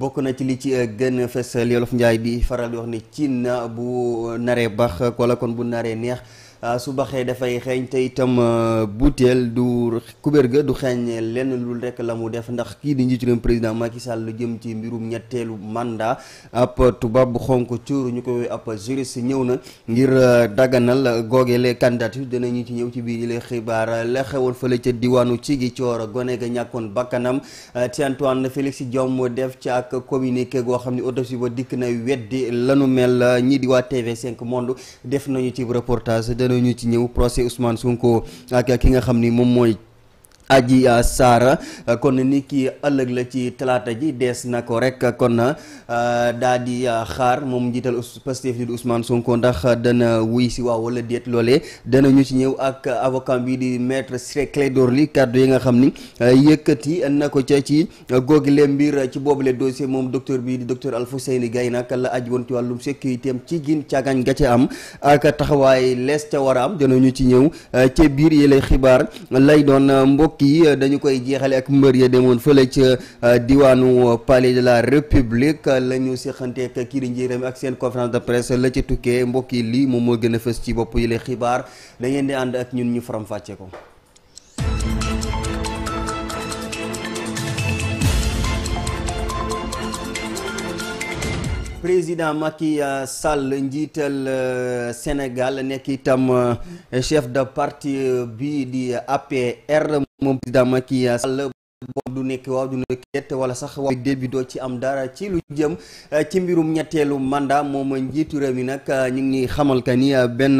bokk na ci li ci euh, gën fes li Olof Njaay bi faral di wax ne na bu naree baax wala kon bu naree neex Ah, su baxee dafay xeeñ te itam ah, butéel du kubéer ga du xeeñ lenn lu rek la mu def ndax kii di njiitu réew président Macky Sall la jëm ci mbirum ñetteelu mandat ab tubaab bu xonk cuur ñu koy ab juriste ñëw na ngir ah, daganal googeele candidature dinañu ci ñëw ci biir les xibaar la xewoon fële ca diwaanu ci gi coor gone ga ñàkkoon bakkanam ci Antoine Félix Diome def ci ak communiqué goo xam ne si ba dikk na weddi lanu mel ñii di waa TV5 Monde def nañu ci reportage danañu ci ñëw procès Ousmane Sonko ak ki nga xam ni moom mooy aji saara kon ni ki ëllëg la ci talaata ji dees na ko rek kon euh, daa di euh, xaar moom njiital Pastef di Ousmane Sonko ndax dana wuy si waaw wala déet loolee dana ñu ci ñëw ak avocat bi di maître Ciré door li kàddu yi nga xam ni euh, yëkkati na ko ca ci googile mbir ci boobule dossier moom docteur bi di docteur Alfouseyni Gaye nag la aji woon ci wàllum sécurité am ci gin càggaañ ga ca am ak taxawaay lees ca war am dana ñu ci ñëw ca biir yi lay xibaar lay doon kii dañu koy jeexale ak mbër ya demoon fële ca euh, diwaanu euh, palais de la république euh, la ñu seqanteeg kii di njiiram ak seen conférence de presse la ca tukkee mbokk yi lii moom moo gën a fës ci bopp yi la xibaar da ngeen di ànd ak ñun ñu faram fàcce ko président Macky euh, Sall njiital euh, Sénégal nekk itam euh, chef de parti bi di APR moom président Macky Sall boobu du nekk waaw du nekk ñett wala sax waaw bi doo ci am dara ci lu jëm eh, ci mbirum ñetteelu mandat moom njiitu réew mi nag eh, ñu ngi xamal ka ni eh, benn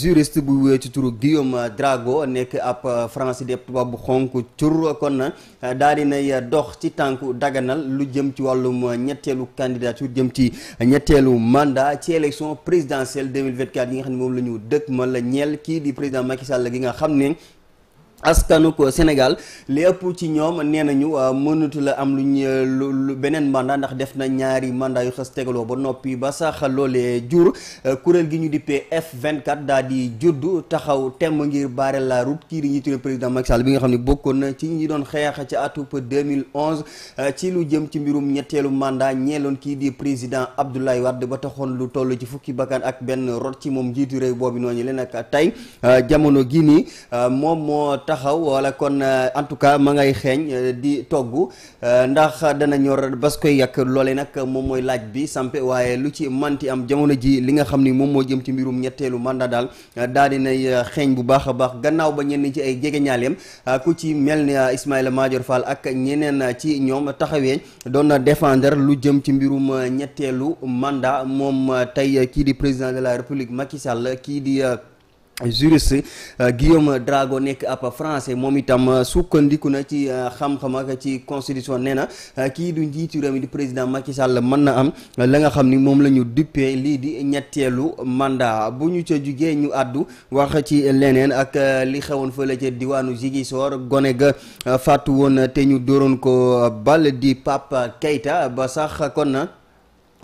juriste bu wéy ci turu Guillaume Drago nekk ab français de tubaab bu xonk tur kon daal di nay dox ci tànku daganal lu jëm ci wàllum ñetteelu candidature jëm ci ñetteelu mandat ci élection présidentielle 2024 yi nga xam ne moom la ñu dëkk ma la ñeel kii di président Macky Sall gi nga xam ne askanu ko Sénégal li ëpp ci ñoom nee nañu euh, mënatu la am euh, lu luñ lu beneen mandat ndax def na ñaari mandat yu xas tegaloo ba noppi ba sax loolee jur euh, kuréel gi ñu di dippee F24 daal di juddu taxaw temm ngir barrer la route kii di président Macky Sall bi nga xam ne bokkoon na ci ñi doon xeex ci atub 2011 ci lu jëm ci mbirum ñetteelu mandat ñeeloon kii di président Abdoulaye wadd ba taxoon lu toll ci fukki bakkan ak benn rot ci moom njiitu réew boobu noonu leen ak tey jamono gii taxaw wala kon euh, en tout cas ma ngay xeeñ euh, di togg euh, ndax dana ñor bas koy yàq loole nag moom mooy laaj bi sampe waaye lu ci manti am jamono ji li nga xam ni moom moo jëm ci mbirum ñetteelu mandat daal daal dinay xeeñ bu baax a baax gannaaw ba ñenn ci ay jegeñaaleem ku ci mel ni Ismaïla Madior Fall ak ñeneen ci ñoom taxawee doon na défendre lu jëm ci mbirum ñetteelu mandat moom tey kii di président de la république Macky kii di juriste euh, Guillaume Drago nekk ab français moom itam euh, sukkandiku na ci euh, xam-xam ak ci constitution nee na kii du njiitu réew mi di président Macky Sall mën na am la nga xam ni moom la ñu duppee lii di ñetteelu mandat bu ñu ca jugee ñu àddu wax ci leneen ak li xewoon fële ca diwaanu Ziguinchor gone ga fàttu woon te ñu dóoroon ko bal di Pape Keita ba sax kon na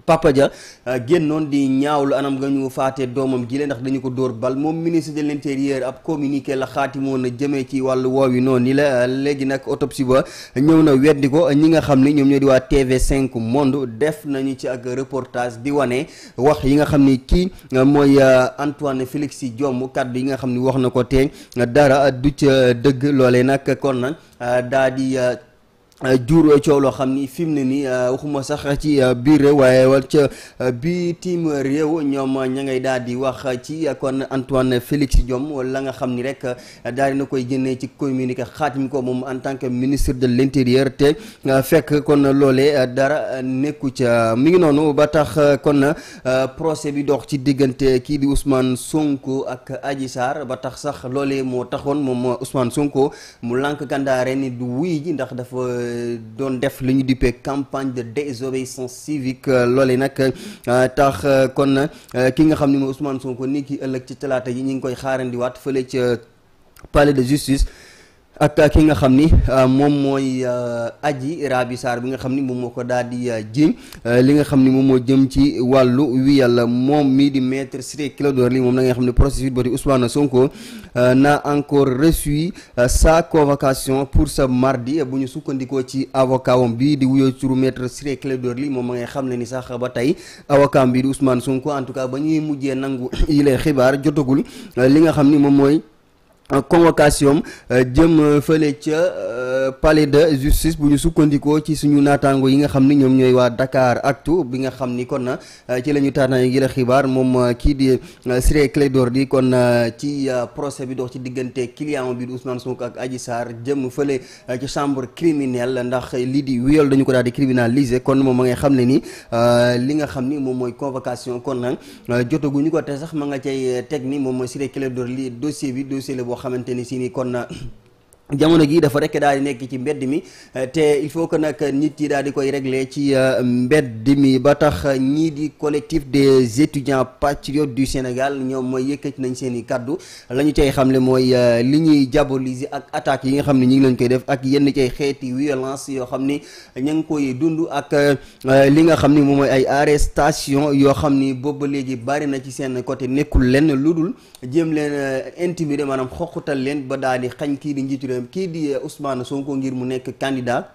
Papa Dia euh, génnoon di ñaawlu anam nga ñu faatee doomam gile ndax dañu ko dóor bal moom ministre de l'intérieur ab communiqué la xaatimoon na jëmee ci wàllu yi noonu ni la léegi nag autopsie ba ñëw na weddi ko ñi nga xam ni ñoom ñoo di waa TV5 Monde def nañu ci ak reportage di wane wax yi nga xam ni kii euh, mooy euh, Antoine Félix Diome kaddu yi nga xam ni wax na ko te dara du ca dëgg loole nag kon na daa di. jur coow loo xam ni fi mu ni nii euh, waxuma sax ci euh, biir réew waaye wal ca euh, bitim réew ñoom ña ngay daal di wax ci kon Antoine Félix Diome wala la nga xam ni rek daal di na koy génnee ci communiqué xaatim ko moom en tant que ministre de l' intérieur te fekk kon loolee dara nekku ca mi ngi noonu ba tax kon procès bi dox ci diggante kii di Ousmane Sonko ak Adji Sarr ba tax sax loolee moo taxoon moom Ousmane Sonko mu lànk kandaare ni du wuy ji ndax dafa. doon def li ñu duppee campagne de désobéissance civique euh, loole nag euh, tax euh, kon ki nga xam ni mooy Ousmane Sonko ni ki ëllëg ci talaata yi ñu ngi koy xaarandiwaat fële ca palais de justice ak ki nga xam ni euh, moom mooy euh, aji Rabi Sarr bi nga xam ni moom moo ko daal di euh, jiiñ li nga xam ni moom moo jëm ci wàllu wi yàlla moom mii di maître Ciré Clédor Ly moom la nga xam ne processus bati Ousmane Sonko n'a encore reçu sa convocation pour ce mardi bu ñu sukkandikoo ci avocat bi di wuyoo turu maître Ciré Clédor Ly moom ma ngay xam ne ni sax ba tey avocat bi di Ousmane Sonko en tout cas ba ñuy mujjee nangu yi lay xibaar jotagul li nga xam ni moom mooy convocation am euh, jëm euh, fële euh, palais de justice bu ñu sukkandikoo ci suñu naataango yi nga xam ni ñoom ñooy waa dakaar Actu bi nga xam ni kon na euh, ci la ñu taataango yi la xibaar moom euh, kii di euh, Ciré Clédor di kon ci procès bi doox ci diggante client bi di Ousmane Sonko ak Adji Sarr jëm fële ci chambre criminelle ndax lii di viol dañu ko daal di criminaliser kon moom ma ngay xam ne ni li nga xam ni moom mooy convocation kon nag ñu ko te sax ma nga cay teg ni moom mooy Ciré Clédor Ly dossier bi dossier la boo xamante ni si ni kon. jamono jii dafa rekk daal di nekk ci mbedd mi eh, te il faut que nag nit yi daal di koy régler ci eh, mbedd mi ba tax ñii di collectif des étudiants patriotes du Sénégal ñoom mooy yëkkat nañ seen i kaddu la ñu cay xamle mooy eh, li ñuy diaboliser ak attaques yi nga xam ne ñu ngi leen koy def ak yenn cay xeeti violence yoo xam ni ña ngi koy dund ak li nga xam ni moom mooy ay arrestation yoo xam ni boobu ba léegi bari na ci seen côté nekkul lenn lu dul jéem leen intimider maanaam xoqutal leen ba daal di xañ kii di njiitu Euh, kii di euh, usmaan Sonko ngir mu nekk candidat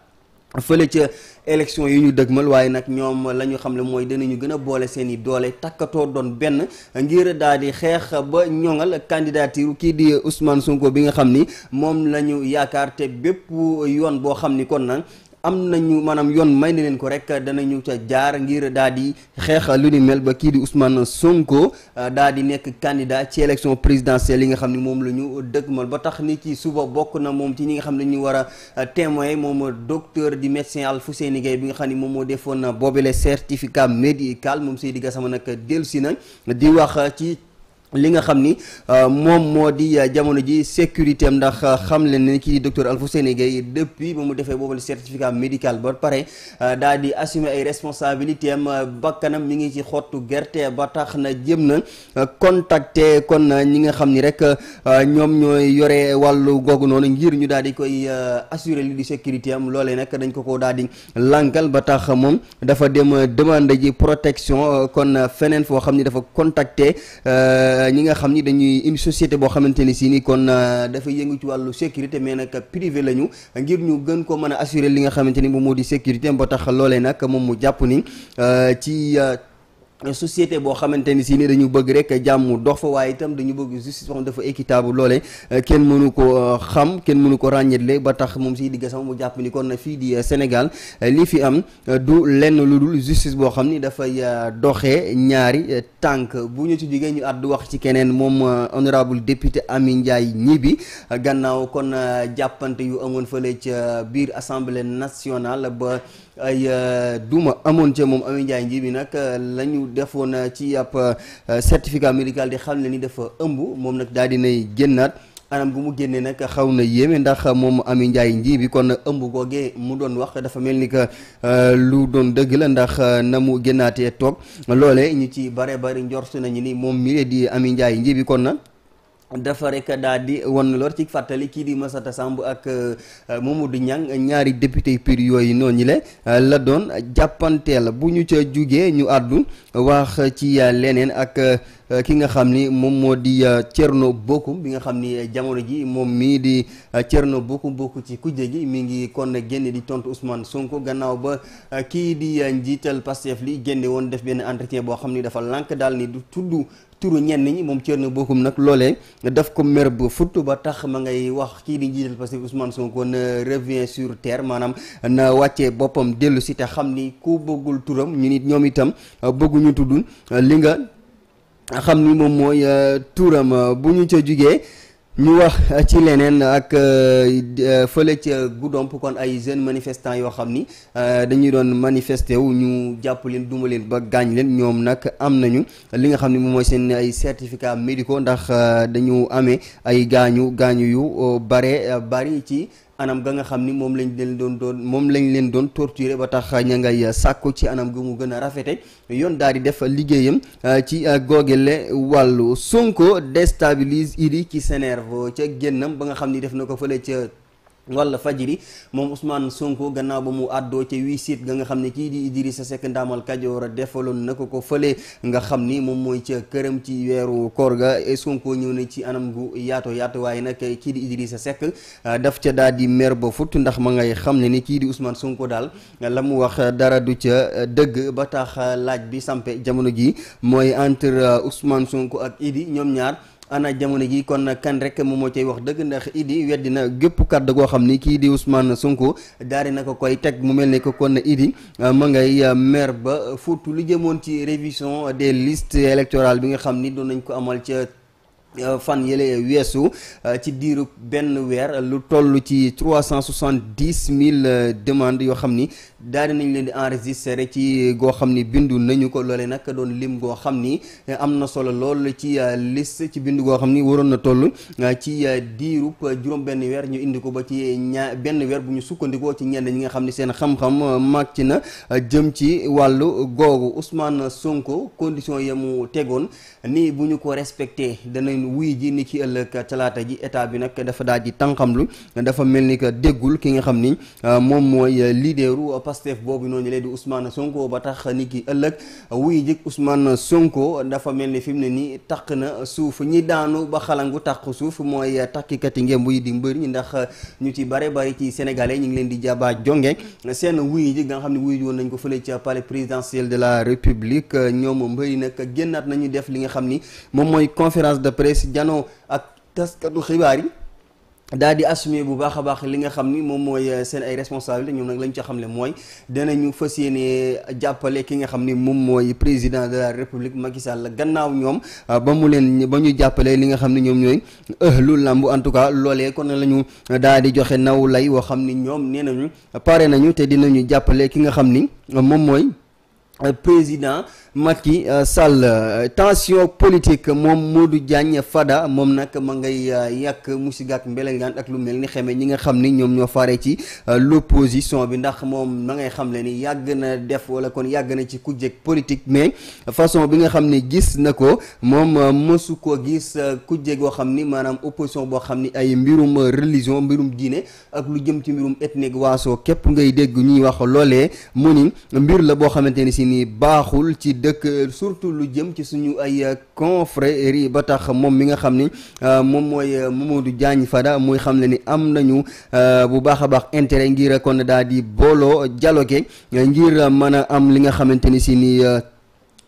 fële ca élection yi ñu mal waaye nag ñoom la ñu xam ne mooy dinañu gën a boole seeni doole takkatoo doon benn ngir daal di xeex ba ñoŋal candidature kii di euh, Ousmane Sonko bi nga xam ni moom lañu ñu yaakaar te bépp yoon boo xam ni kon nag am nañu maanaam yoon may na leen ko rek danañu ca jaar ngir daal di xeex lu ni mel ba kii di Ousmane Sonko euh, daal di nekk candidat ci élection présidentielle yi nga xam ni moom la ñu dëgmal ba tax ni ci suba bokk na moom ci ñi nga xam ne ñu war a euh, témoin moom docteur di médecin Alfousseyni Gaye bi nga xam ni moom moo defoon boobele certificat médical moom Seydi Gassama nag dellu si na di wax ci li nga xam ni euh, moom moo di euh, jamono ji sécurité am ndax euh, xam leen ne kii docteur Alfousseyni Gaye depuis ba mu defee boobal certificat médical ba pare daal di assumé ay responsabilités am bakkanam mi ngi ci xottu gerte ba tax na jëm na contacter kon ñi nga xam ni rek ñoom ñooy yore wàllu googu noonu ngir ñu daal di koy assurer li di sécurité am loolee nag dañ ko ko daal di lànkal ba tax moom dafa dem demande ji protection kon feneen foo xam ni dafa contacter. Euh, ñi nga xam ni dañuy une société boo xamante ni si ni kon euh, dafa yëngu ci wàllu sécurité mais naka privé la ngir ñu gën ko mën a assurer li nga xamante ni moom moo di sécurité ba tax loolee nag moom mu jàpp ni euh, ci société boo xamante ni si ne dañu bëgg rek jàmm dox fa waaye itam dañu bëgg justice boo xam dafa équitable loolee euh, kenn mënu ko euh, xam kenn mënu ko ràññeetle ba tax moom si digga sama mu jàpp ni kon na fii di euh, Sénégal li fi am du lenn lu dul justice boo xam ni dafay doxe ñaari tànk bu ñu ci jógee ñu du wax ci keneen moom honorable député Amy Ndiaye Gniby gannaaw kon jàppante yu amoon fële ca biir assemblée nationale ba ay duma amoon ca moom Amy Ndiaye Gniby nag lañu defoon euh, ci ab euh, certificat médical di xam ne ni dafa ëmb moom nag daal nay génnaat anam gu mu génnee nag xaw na yéeme ndax moom Amy Ndiaye nji bi kon ëmb googee mu doon wax dafa mel ni que euh, lu doon dëgg la ndax na mu génnaatee toog loole ñu ci bare bari njortu nañu ni moom mi di Amy Ndiaye nji bi kon na dafa rek daal di wan lor ci fàttali kii di Massata Samb ak euh, mu mudd Niang ñaari député PUR yooyu noonu le euh, la doon jàppanteel bu ñu ca jugee ñu àddu wax ci euh, leneen ak. Euh, ki nga xam ni moom moo di euh, Thierno bokkum bi nga xam ni euh, jamono ji moom mii di Thierno Bocoum bokk ci ku gi mi ngi kon génn di tontu Ousmane Sonko gannaaw ba kii di njiital Pastef li génne woon def benn entretien boo xam ni dafa lànk daal ni du tuddu turu ñenn ñi moom Thierno bokkum nag loolee daf ko mer ba futt ba tax ma ngay wax kii di njiital Pastef Ousmane Sonko na revient sur terre maanaam na wàccee boppam dellu si te xam ni ku bëggul turam ñu nit ñoom itam bëgguñu tudd xam ni moom mooy euh, tuuram bu ñu ca jugee ñu wax euh, ci leneen ak euh, fële ca Goudomp kon ay jeunes manifestant yoo xam ni dañuy doon manifester wu ñu jàpp leen duma leen ba gaañ leen ñoom nag am nañu li nga xam ne moom mooy seen ay certificat médicaux ndax dañu amee ay gaañu gaañu yu bare bari ci anam ga nga xam ni moom lañ leen doon doon moom lañ leen doon torturer ba tax ña ngay sàkku ci anam gu mu gën a rafete yoon daal di def liggéeyam ah, ci ah, googele wàllu Sonko déstabilise Idi ci s'énerve ca génnam ba nga xam ni def na ko fële ca wala fajiri moom Ousmane Sonko gannaaw ba mu àddoo ca wisit ga nga xam ne kii di Idrissa Seck ndaamal Kajoor defaloon na ko ko fële nga xam ni moom mooy ca këram ci weeru koor ga Sonko ñëw na ci anam gu yaato yaato waaye nag kii di Idrissa Seck ah, daf ca daal di mer ba fut ndax ma ngay xam ne ni kii di Ousmane Sonko daal la mu wax dara du ca dëgg ba tax laaj bi sampe jamono ji mooy entre Ousmane Sonko ak Idi ñoom ñaar ana jamono ji kon kan rek moom moo cay wax dëgg ndax Idi weddi na gépp kàddu koo xam ni kii di Ousmane Sonko daari na ko koy teg mu mel ni ko kon Idi euh, ma ngay euh, maire ba fóotu lu jëmoon ci révision des listes électorales bi nga xam ni doon nañ ko amal ca. Euh, fan yële weesu euh, ci diiru benn weer lu toll ci trois cent soixante dix mille euh, demande yoo xam ni daal di nañ leen di enregistré ci goo xam ni bindu nañu ko loole nag doon lim goo xam ni am na solo lool ci liste ci bindu goo xam ni waroon na toll ci diiru juróom benn weer ñu indi ko ba ci ñaar benn weer bu ñu sukkandikoo ci ñenn ñi nga xam ni seen xam-xam màcc na jëm ci wàllu googu Ousmane Sonko condition ya mu tegoon ni bu ñu ko respecté danañ. doon wuy ji ni ki ëllëg talaata ji état bi nag dafa daal di tànqamlu dafa mel ni que déggul ki nga xam ni euh, moom mooy euh, leaderu Pastef boobu noonu lee di Ousmane Sonko ba tax ni ki ëllëg wuy ji Ousmane Sonko dafa mel ni fi mu ne nii taq na suuf ñi daanu ba xalangu taq suuf mooy takkikat yi ngeen buy di mbër ñu ndax ñu ci bare bari ci sénégalais ñu ngi leen di jaba jonge seen wuy ji nga xam ne wuy ji woon nañ ko fële ca palais présidentiel de la république euh, ñoom mbëri nag génnaat nañu def li tàmbalee si janoo ak taskatu xibaar yi daal di assumer bu baax a baax li nga xam ni moom mooy euh, seen ay responsabilité ñoom nag la ñu ca xam ne mooy danañu fas yéene jàppale ki nga xam ni moom mooy président de la république Macky Sall gannaaw ñoom euh, ba mu leen ba ñu jàppalee li nga xam ni ñoom ñooy ëhlu làmb en tout cas loolee kon la ñu daal di joxe naw lay woo xam ni ñoom nee nañu pare nañu te dinañu jàppale ki nga xam ni moom mooy Euh, président Macky euh, Sall euh, tension politique moom du Diagne Fada moom nag ma ngay yàq musiga ak mbelengaan ak lu mel ni xeme ñi nga xam ni ñoom ñoo fare ci l'opposition bi ndax moom ma ngay xam le ni yàgg na def wala kon yàgg na ci kujjeg politique mais façon bi nga xam ni gis na ko moom mësu ko gis kujje goo xam ni maanaam opposition boo xam ni ay mbirum religion mbirum diine ak lu jëm ci mbirum ethnique waaso képp ngay dégg ñuy wax loole mu ni mbir la boo xamante si si ni baaxul ci dëkk surtout lu jëm ci suñu ay confréries ba tax moom mi nga xam ni euh, moom mooy euh, du Diagne Fada mooy xam ne ni am nañu euh, bu baax a baax intérêt ngir kon daal di booloo dialogué ngir mën a am li nga xamante ni si ni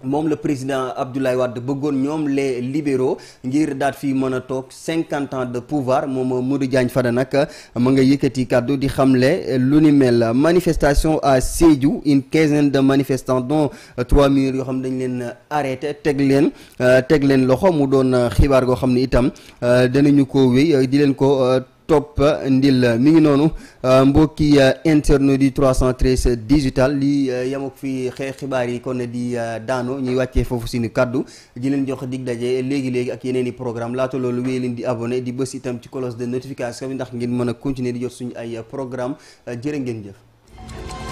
moom la président Abdoulaye Wade bëggoon ñoom lee libéraux ngir daat fi mën a toog cinquante ans de pouvoir moom Modou jaañ Fada nag ma nga yëkkati kàddu di xamle lu ni mel manifestation à Sédhiou une quinzaine de manifestants dont trois murs yoo xam dañ leen arrêté teg leen teg leen loxo mu doon xibaar goo xam ne itam danañu ko wéy di leen ko topp ndil mi ngi noonu euh, mbokki internet di 313 digital li euh, yem ak fi xee xibaar yi kon di euh, daano ñuy wàccee foofu suñu kàddu di leen jox dig daje léegi léegi ak yeneen i programme laata loolu wéy leen di abonné di bës itam ci cloche de notification bi ndax ngeen mën a continuer di jot suñu ay programme jërë ngeen jëf.